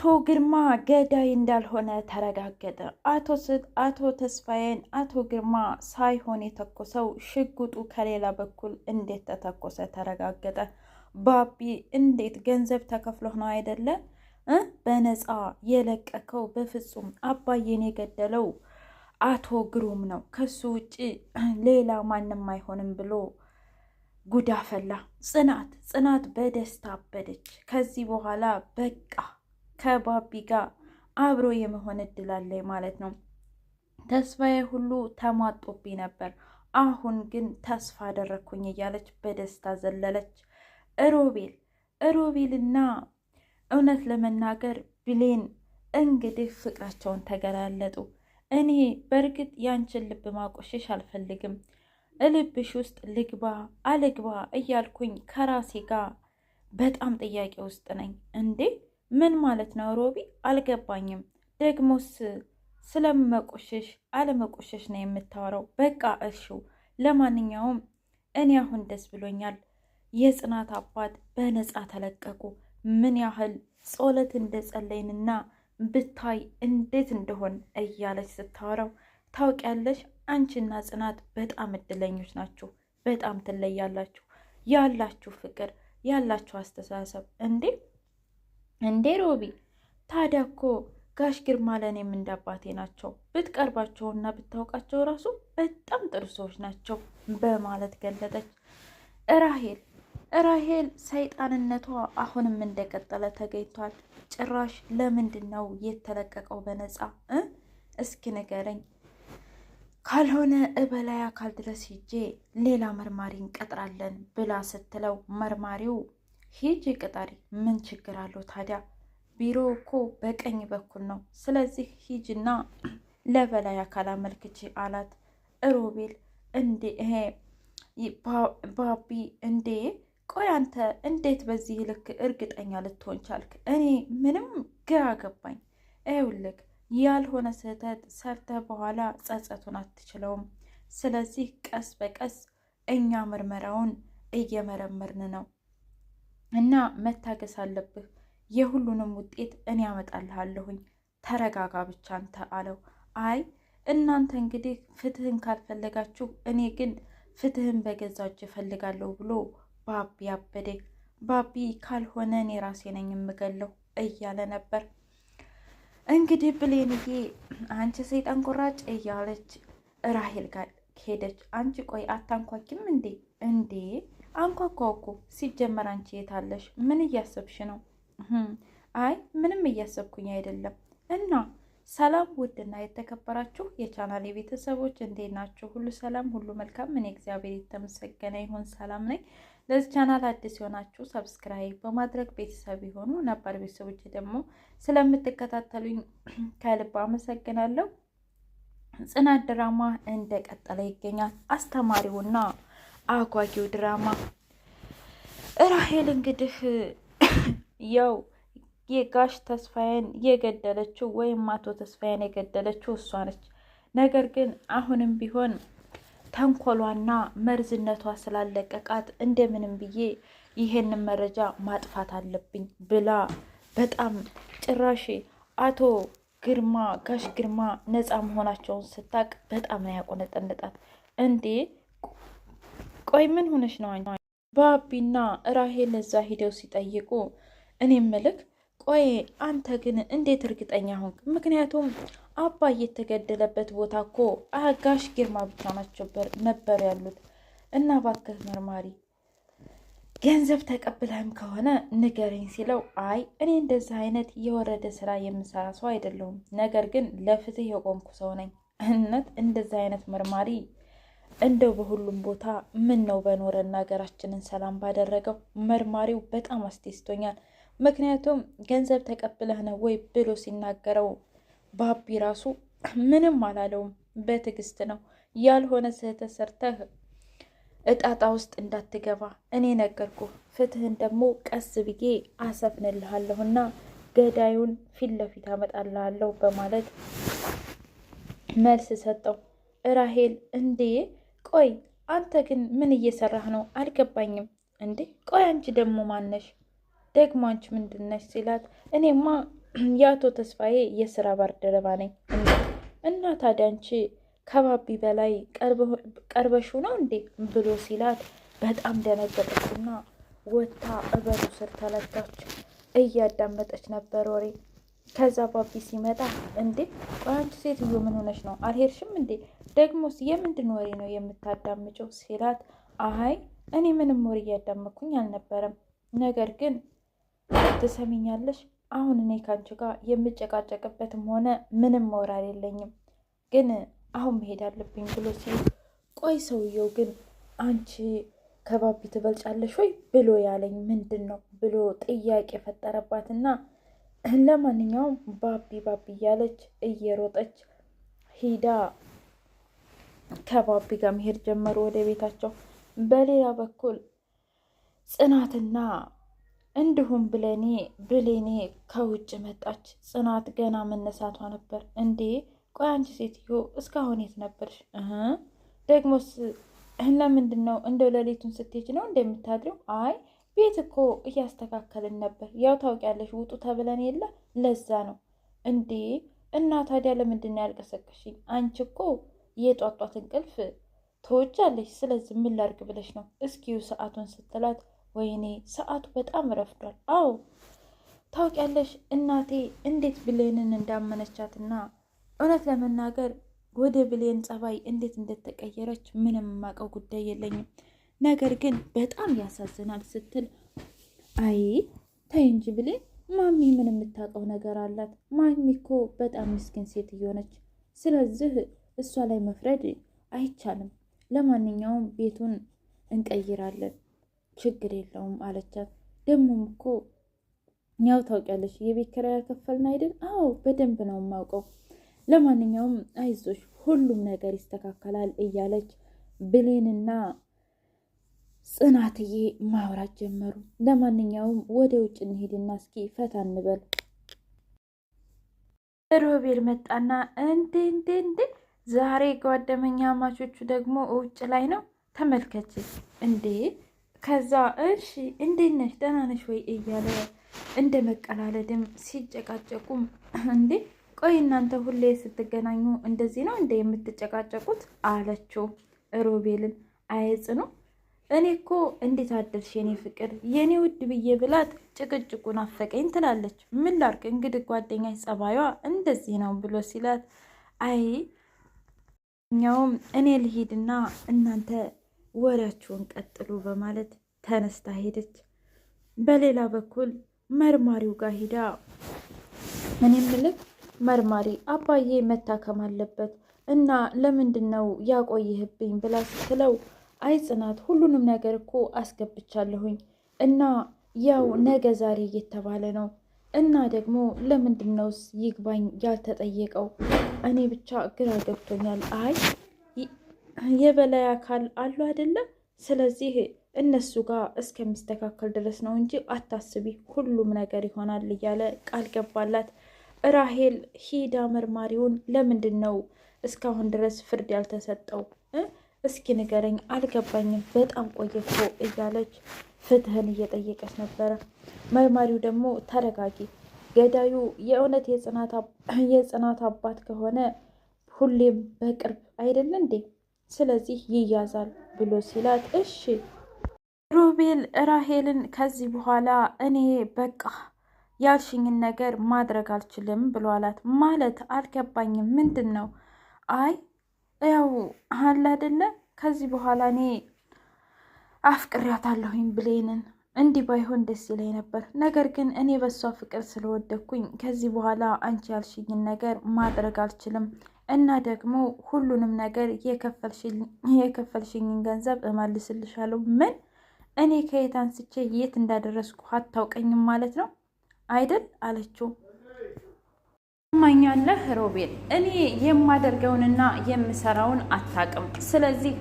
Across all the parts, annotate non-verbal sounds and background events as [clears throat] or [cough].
አቶ ግርማ ገዳይ እንዳልሆነ ተረጋገጠ። አቶ አቶ ተስፋዬን አቶ ግርማ ሳይሆን የተኮሰው ሽጉጡ ከሌላ በኩል እንዴት ተተኮሰ ተረጋገጠ። ባቢ እንዴት ገንዘብ ተከፍሎ ነው አይደለ እ በነፃ የለቀከው? በፍጹም አባዬን የገደለው አቶ ግሩም ነው፣ ከሱ ውጭ ሌላ ማንም አይሆንም ብሎ ጉዳፈላ ጽናት ጽናት በደስታ አበደች። ከዚህ በኋላ በቃ ከባቢ ጋር አብሮ የመሆን እድል አለኝ ማለት ነው። ተስፋዬ ሁሉ ተሟጦብኝ ነበር፣ አሁን ግን ተስፋ አደረግኩኝ እያለች በደስታ ዘለለች። እሮቤል እሮቤልና እውነት ለመናገር ብሌን እንግዲህ ፍቅራቸውን ተገላለጡ። እኔ በእርግጥ ያንችን ልብ ማቆሸሽ አልፈልግም። እልብሽ ውስጥ ልግባ አልግባ እያልኩኝ ከራሴ ጋር በጣም ጥያቄ ውስጥ ነኝ እንዴ ምን ማለት ነው ሮቢ? አልገባኝም። ደግሞስ ስለመቆሸሽ አለመቆሸሽ ነው የምታወራው? በቃ እሺው፣ ለማንኛውም እኔ አሁን ደስ ብሎኛል። የጽናት አባት በነፃ ተለቀቁ። ምን ያህል ጸሎት እንደጸለይንና ብታይ እንዴት እንደሆን እያለች ስታወራው፣ ታውቂያለሽ አንቺና ጽናት በጣም እድለኞች ናችሁ። በጣም ትለያላችሁ። ያላችሁ ፍቅር፣ ያላችሁ አስተሳሰብ እንዴ እንዴ ሮቢ ታዲያ እኮ ጋሽ ግርማ ለእኔም እንዳባቴ ናቸው። ብትቀርባቸውና ብታውቃቸው ራሱ በጣም ጥሩ ሰዎች ናቸው በማለት ገለጠች። ራሄል ራሄል ሰይጣንነቷ አሁንም እንደቀጠለ ተገኝቷል። ጭራሽ ለምንድን ነው የተለቀቀው በነፃ እስኪ ንገረኝ። ካልሆነ እበላይ አካል ድረስ ሂጄ ሌላ መርማሪ እንቀጥራለን ብላ ስትለው መርማሪው ሂጂ ቅጠሪ፣ ምን ችግር አለው ታዲያ? ቢሮ እኮ በቀኝ በኩል ነው። ስለዚህ ሂጂና ለበላይ አካል አመልክቼ አላት። ሮቤል እንዴ ይሄ ባቢ እንዴ ቆይ አንተ እንዴት በዚህ ልክ እርግጠኛ ልትሆን ቻልክ? እኔ ምንም ግራ ገባኝ። ይኸውልህ ያልሆነ ስህተት ሰርተ በኋላ ጸጸቱን አትችለውም። ስለዚህ ቀስ በቀስ እኛ ምርመራውን እየመረመርን ነው። እና መታገስ አለብህ። የሁሉንም ውጤት እኔ ያመጣልሃለሁኝ። ተረጋጋ ብቻ አንተ አለው። አይ እናንተ እንግዲህ ፍትህን ካልፈለጋችሁ እኔ ግን ፍትህን በገዛ እጅ እፈልጋለሁ ብሎ ባቢ አበደ። ባቢ ካልሆነ እኔ ራሴ ነኝ የምገለው እያለ ነበር። እንግዲህ ብሌንዬ አንቺ ሰይጣን ቁራጭ እያለች ራሄል ጋር ሄደች። አንቺ ቆይ አታንኳኪም እንዴ እንዴ አንኳኳው እኮ ሲጀመር አንቺ የታለሽ? ምን እያሰብሽ ነው? አይ ምንም እያሰብኩኝ አይደለም። እና ሰላም ውድና የተከበራችሁ የቻናል የቤተሰቦች እንዴት ናችሁ? ሁሉ ሰላም፣ ሁሉ መልካም። ምን እግዚአብሔር የተመሰገነ ይሁን ሰላም ነኝ። ለዚህ ቻናል አዲስ የሆናችሁ ሰብስክራይብ በማድረግ ቤተሰብ የሆኑ ነባር ቤተሰቦች ደግሞ ስለምትከታተሉኝ [clears throat] ከልብ አመሰግናለሁ። ጽናት ድራማ እንደቀጠለ ይገኛል። አስተማሪውና አጓጊው ድራማ ራሄል እንግዲህ [coughs] ያው የጋሽ ተስፋዬን የገደለችው ወይም አቶ ተስፋዬን የገደለችው እሷ ነች። ነገር ግን አሁንም ቢሆን ተንኮሏና መርዝነቷ ስላለቀቃት እንደምንም ብዬ ይሄንን መረጃ ማጥፋት አለብኝ ብላ በጣም ጭራሽ አቶ ግርማ ጋሽ ግርማ ነፃ መሆናቸውን ስታቅ በጣም ነው ያቆነጠነጣት እንዴ ቆይ ምን ሆነሽ ነው? ባቢና ራሄል እዛ ሂደው ሲጠይቁ እኔ ምልክ ቆይ አንተ ግን እንዴት እርግጠኛ ሆንክ? ምክንያቱም አባ የተገደለበት ቦታ እኮ አጋሽ ግርማ ብቻ ናቸው ነበር ያሉት። እና ባከህ መርማሪ ገንዘብ ተቀብለህም ከሆነ ንገረኝ ሲለው አይ እኔ እንደዚህ አይነት የወረደ ስራ የምሰራ ሰው አይደለሁም፣ ነገር ግን ለፍትህ የቆምኩ ሰው ነኝ። እህነት እንደዚህ አይነት መርማሪ እንደው በሁሉም ቦታ ምን ነው በኖረና ሀገራችንን ሰላም ባደረገው። መርማሪው በጣም አስደስቶኛል። ምክንያቱም ገንዘብ ተቀብለህ ነው ወይ ብሎ ሲናገረው ባቢ ራሱ ምንም አላለውም። በትዕግስት ነው ያልሆነ ስህተት ሰርተህ እጣጣ ውስጥ እንዳትገባ እኔ ነገርኩ። ፍትህን ደግሞ ቀስ ብዬ አሰፍንልሃለሁና ገዳዩን ፊት ለፊት አመጣልሃለሁ በማለት መልስ ሰጠው። ራሄል እንዴ ቆይ አንተ ግን ምን እየሰራህ ነው? አልገባኝም። እንዴ ቆይ አንቺ ደግሞ ማነሽ? ደግሞ አንቺ ምንድነሽ? ሲላት እኔማ [clears throat] የአቶ ተስፋዬ የስራ ባልደረባ ነኝ። እና ታዲያ አንቺ ከባቢ በላይ ቀርበሹ ነው እንዴ ብሎ ሲላት በጣም ደነገጠችና ወታ እበሩ ስር ተለጋች። እያዳመጠች ነበር ወሬ ከዛ ባቢ ሲመጣ እንዴ ቆንጆ አንቺ ሴትዮ ምን ሆነሽ ነው አልሄድሽም እንዴ ደግሞስ የምንድን ወሬ ነው የምታዳምጨው ሲላት አሀይ እኔ ምንም ወሬ እያዳመኩኝ አልነበረም ነገር ግን ትሰሚኛለሽ አሁን እኔ ከአንቺ ጋር የምጨቃጨቅበትም ሆነ ምንም ሞራል የለኝም ግን አሁን መሄድ አለብኝ ብሎ ሲል ቆይ ሰውየው ግን አንቺ ከባቢ ትበልጫለሽ ወይ ብሎ ያለኝ ምንድን ነው ብሎ ጥያቄ ፈጠረባትና ለማንኛውም ባቢ ባቢ እያለች እየሮጠች ሂዳ ከባቢ ጋር መሄድ ጀመሩ ወደ ቤታቸው። በሌላ በኩል ጽናትና እንዲሁም ብለኔ ብሌኔ ከውጭ መጣች። ጽናት ገና መነሳቷ ነበር። እንዴ ቆይ አንቺ ሴትዮ እስካሁን የት ነበርሽ? ደግሞስ ለምንድን ነው እንደ ለሌቱን ስትሄጂ ነው እንደምታድሪው? አይ ቤት እኮ እያስተካከልን ነበር። ያው ታውቂያለሽ፣ ውጡ ተብለን የለ ለዛ ነው እንዴ። እና ታዲያ ለምንድን ነው ያልቀሰቀሽኝ? አንቺ እኮ የጧጧት እንቅልፍ ትወጃለሽ። ስለዚህ ምን ላድርግ ብለሽ ነው? እስኪዩ ሰዓቱን ስትላት፣ ወይኔ ሰዓቱ በጣም ረፍዷል። አዎ ታውቂያለሽ እናቴ እንዴት ብሌንን እንዳመነቻትና እውነት ለመናገር ወደ ብሌን ጸባይ እንዴት እንደተቀየረች ምንም የማውቀው ጉዳይ የለኝም። ነገር ግን በጣም ያሳዝናል ስትል አይ ተይ እንጂ ማሚ ምን የምታውቀው ነገር አላት? ማሚ እኮ በጣም ምስኪን ሴት እየሆነች ስለዚህ እሷ ላይ መፍረድ አይቻልም። ለማንኛውም ቤቱን እንቀይራለን፣ ችግር የለውም አለቻት። ደግሞም እኮ ያው ታውቂያለሽ፣ የቤት ኪራይ ያከፈልን አይደል? አዎ በደንብ ነው የማውቀው። ለማንኛውም አይዞሽ፣ ሁሉም ነገር ይስተካከላል እያለች ብሌንና ጽናትዬ ማውራት ጀመሩ። ለማንኛውም ወደ ውጭ እንሄድና እስኪ ፈታ እንበል። ሮቤል መጣና እንዴ እንዴ እንዴ ዛሬ ጓደመኛ ማቾቹ ደግሞ ውጭ ላይ ነው ተመልከች እንዴ ከዛ እሺ እንዴት ነሽ ደህና ነሽ ወይ እያለ እንደ መቀላለድም ሲጨቃጨቁም እንዴ ቆይ እናንተ ሁሌ ስትገናኙ እንደዚህ ነው እንደ የምትጨቃጨቁት አለችው ሮቤልን ነው እኔ እኮ እንዴት አደርሽ የኔ ፍቅር የኔ ውድ ብዬ ብላት ጭቅጭቁን አፈቀኝ ትላለች። ምን ላርግ እንግዲህ ጓደኛ ጸባዩዋ እንደዚህ ነው ብሎ ሲላት አይ እኛውም እኔ ልሂድና እናንተ ወሬያችሁን ቀጥሉ በማለት ተነስታ ሄደች። በሌላ በኩል መርማሪው ጋር ሂዳ እኔ የምልህ መርማሪ አባዬ መታከም አለበት እና ለምንድን ነው ያቆይህብኝ ብላ ስትለው አይ ጽናት፣ ሁሉንም ነገር እኮ አስገብቻለሁኝ እና ያው ነገ ዛሬ እየተባለ ነው እና ደግሞ ለምንድን ነውስ ይግባኝ ያልተጠየቀው? እኔ ብቻ ግራ ገብቶኛል። አይ የበላይ አካል አሉ አይደለም። ስለዚህ እነሱ ጋር እስከሚስተካከል ድረስ ነው እንጂ አታስቢ፣ ሁሉም ነገር ይሆናል እያለ ቃል ገባላት። ራሄል ሂዳ መርማሪውን ለምንድን ነው እስካሁን ድረስ ፍርድ ያልተሰጠው? እስኪ ንገረኝ፣ አልገባኝም፣ በጣም ቆየ እኮ እያለች ፍትህን እየጠየቀች ነበረ። መርማሪው ደግሞ ተረጋጊ፣ ገዳዩ የእውነት [clears throat] የጽናት አባት ከሆነ ሁሌም በቅርብ አይደል እንዴ? ስለዚህ ይያዛል ብሎ ሲላት እሺ ሩቤል ራሄልን ከዚህ በኋላ እኔ በቃ ያልሽኝን ነገር ማድረግ አልችልም ብሎ አላት። ማለት አልገባኝም፣ ምንድን ነው? አይ ያው አለ አይደለ ከዚህ በኋላ እኔ አፍቅሬያታለሁኝ ብሌንን እንዲህ ባይሆን ደስ ይለኝ ነበር። ነገር ግን እኔ በሷ ፍቅር ስለወደኩኝ ከዚህ በኋላ አንቺ ያልሽኝን ነገር ማድረግ አልችልም እና ደግሞ ሁሉንም ነገር የከፈልሽኝን ገንዘብ እመልስልሻለሁ። ምን እኔ ከየት አንስቼ የት እንዳደረስኩ አታውቀኝም ማለት ነው አይደል? አለችው። ማኛለህ ሮቤል፣ እኔ የማደርገውንና የምሰራውን አታውቅም። ስለዚህ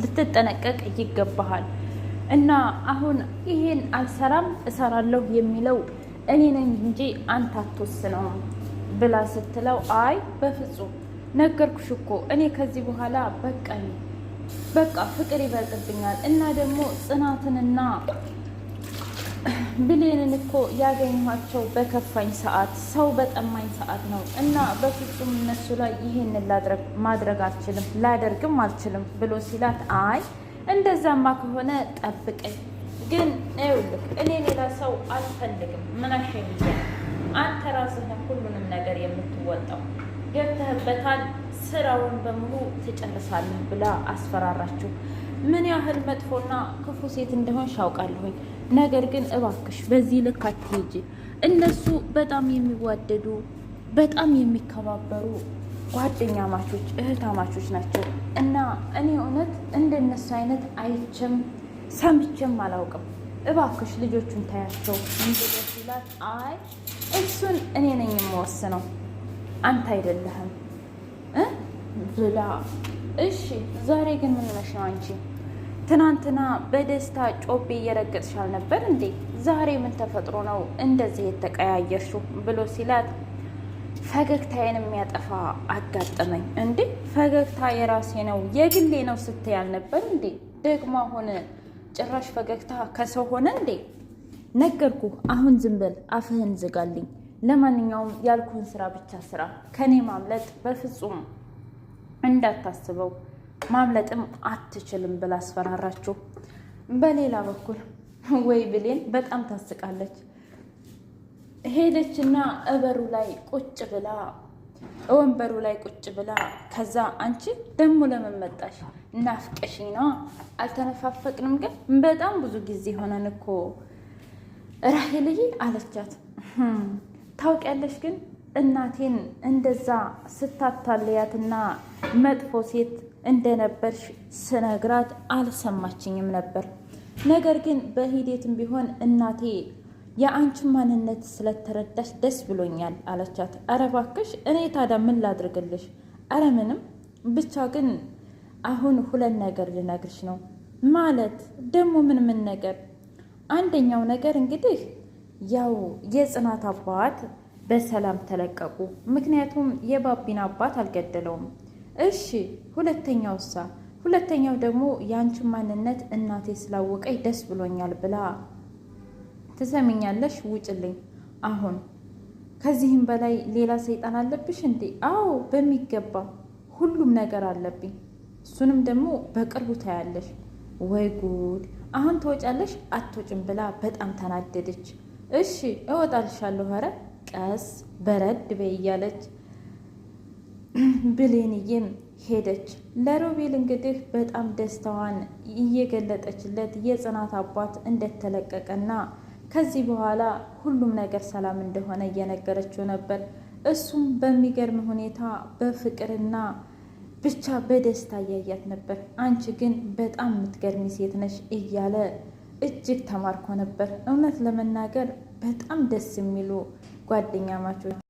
ልትጠነቀቅ ይገባሃል። እና አሁን ይሄን አልሰራም እሰራለሁ የሚለው እኔ ነኝ እንጂ አንተ አትወስነውም ብላ ስትለው፣ አይ በፍጹም ነገርኩሽ እኮ እኔ ከዚህ በኋላ በቃ በቃ ፍቅር ይበልጥብኛል እና ደግሞ ጽናትንና ብሌንን እኮ ያገኘኋቸው በከፋኝ ሰዓት፣ ሰው በጠማኝ ሰዓት ነው እና በፍጹም እነሱ ላይ ይህን ማድረግ አልችልም፣ ላደርግም አልችልም ብሎ ሲላት፣ አይ እንደዛማ ከሆነ ጠብቀኝ፣ ግን ይኸውልህ እኔ ሌላ ሰው አልፈልግም። ምን አሸኝዘ አንተ ራስህ ሁሉንም ነገር የምትወጣው ገብተህበታል፣ ስራውን በሙሉ ትጨርሳለህ ብላ አስፈራራችሁ። ምን ያህል መጥፎና ክፉ ሴት እንደሆንሽ አውቃለሁኝ። ነገር ግን እባክሽ በዚህ ልክ አትሄጂ። እነሱ በጣም የሚዋደዱ በጣም የሚከባበሩ ጓደኛ ማቾች እህት ማቾች ናቸው እና እኔ እውነት እንደነሱ አይነት አይቼም ሰምቼም አላውቅም። እባክሽ ልጆቹን ታያቸው ሲላት፣ አይ እሱን እኔ ነኝ የምወስነው አንተ አይደለህም ብላ እሺ ዛሬ ግን ምን ነሽ ነው አንቺ ትናንትና በደስታ ጮቤ እየረገጥሽ ነበር እንዴ? ዛሬ ምን ተፈጥሮ ነው እንደዚህ የተቀያየርሽው? ብሎ ሲላት ፈገግታዬን የሚያጠፋ አጋጠመኝ። እንዴ ፈገግታ የራሴ ነው የግሌ ነው ስትይ አልነበር እንዴ? ደግሞ አሁን ጭራሽ ፈገግታ ከሰው ሆነ እንዴ? ነገርኩ። አሁን ዝም በል አፍህን ዝጋልኝ። ለማንኛውም ያልኩህን ስራ ብቻ ስራ። ከኔ ማምለጥ በፍጹም እንዳታስበው ማምለጥም አትችልም ብላ አስፈራራችሁ። በሌላ በኩል ወይ ብሌን በጣም ታስቃለች። ሄደችና እበሩ ላይ ቁጭ ብላ ወንበሩ ላይ ቁጭ ብላ ከዛ አንቺ ደግሞ ለምን መጣሽ? ናፍቀሽኝ ነዋ። አልተነፋፈቅንም፣ ግን በጣም ብዙ ጊዜ ሆነን እኮ ራሄልዬ አለቻት። ታውቂያለሽ ግን እናቴን እንደዛ ስታታለያትና መጥፎ ሴት እንደነበርሽ ስነግራት አልሰማችኝም ነበር። ነገር ግን በሂደትም ቢሆን እናቴ የአንቺ ማንነት ስለተረዳሽ ደስ ብሎኛል አለቻት። አረ እባክሽ እኔ ታዲያ ምን ላድርግልሽ? አረ ምንም ብቻ ግን አሁን ሁለት ነገር ልነግርሽ ነው። ማለት ደግሞ ምን ምን ነገር? አንደኛው ነገር እንግዲህ ያው የጽናት አባት በሰላም ተለቀቁ። ምክንያቱም የባቢን አባት አልገደለውም። እሺ ሁለተኛው እሷ ሁለተኛው ደግሞ የአንቺን ማንነት እናቴ ስላወቀኝ ደስ ብሎኛል ብላ ትሰሚኛለሽ፣ ውጭልኝ አሁን። ከዚህም በላይ ሌላ ሰይጣን አለብሽ እንዴ? አዎ በሚገባ ሁሉም ነገር አለብኝ። እሱንም ደግሞ በቅርቡ ታያለሽ። ወይ ጉድ! አሁን ትወጫለሽ አትወጭም? ብላ በጣም ተናደደች። እሺ እወጣልሻለሁ፣ ኧረ ቀስ በረድ በይ እያለች ብሌንዬም ሄደች። ለሮቤል እንግዲህ በጣም ደስታዋን እየገለጠችለት የጽናት አባት እንደተለቀቀና ከዚህ በኋላ ሁሉም ነገር ሰላም እንደሆነ እየነገረችው ነበር። እሱም በሚገርም ሁኔታ በፍቅርና ብቻ በደስታ እያያት ነበር። አንቺ ግን በጣም የምትገርሚ ሴት ነሽ እያለ እጅግ ተማርኮ ነበር። እውነት ለመናገር በጣም ደስ የሚሉ ጓደኛ ማቾች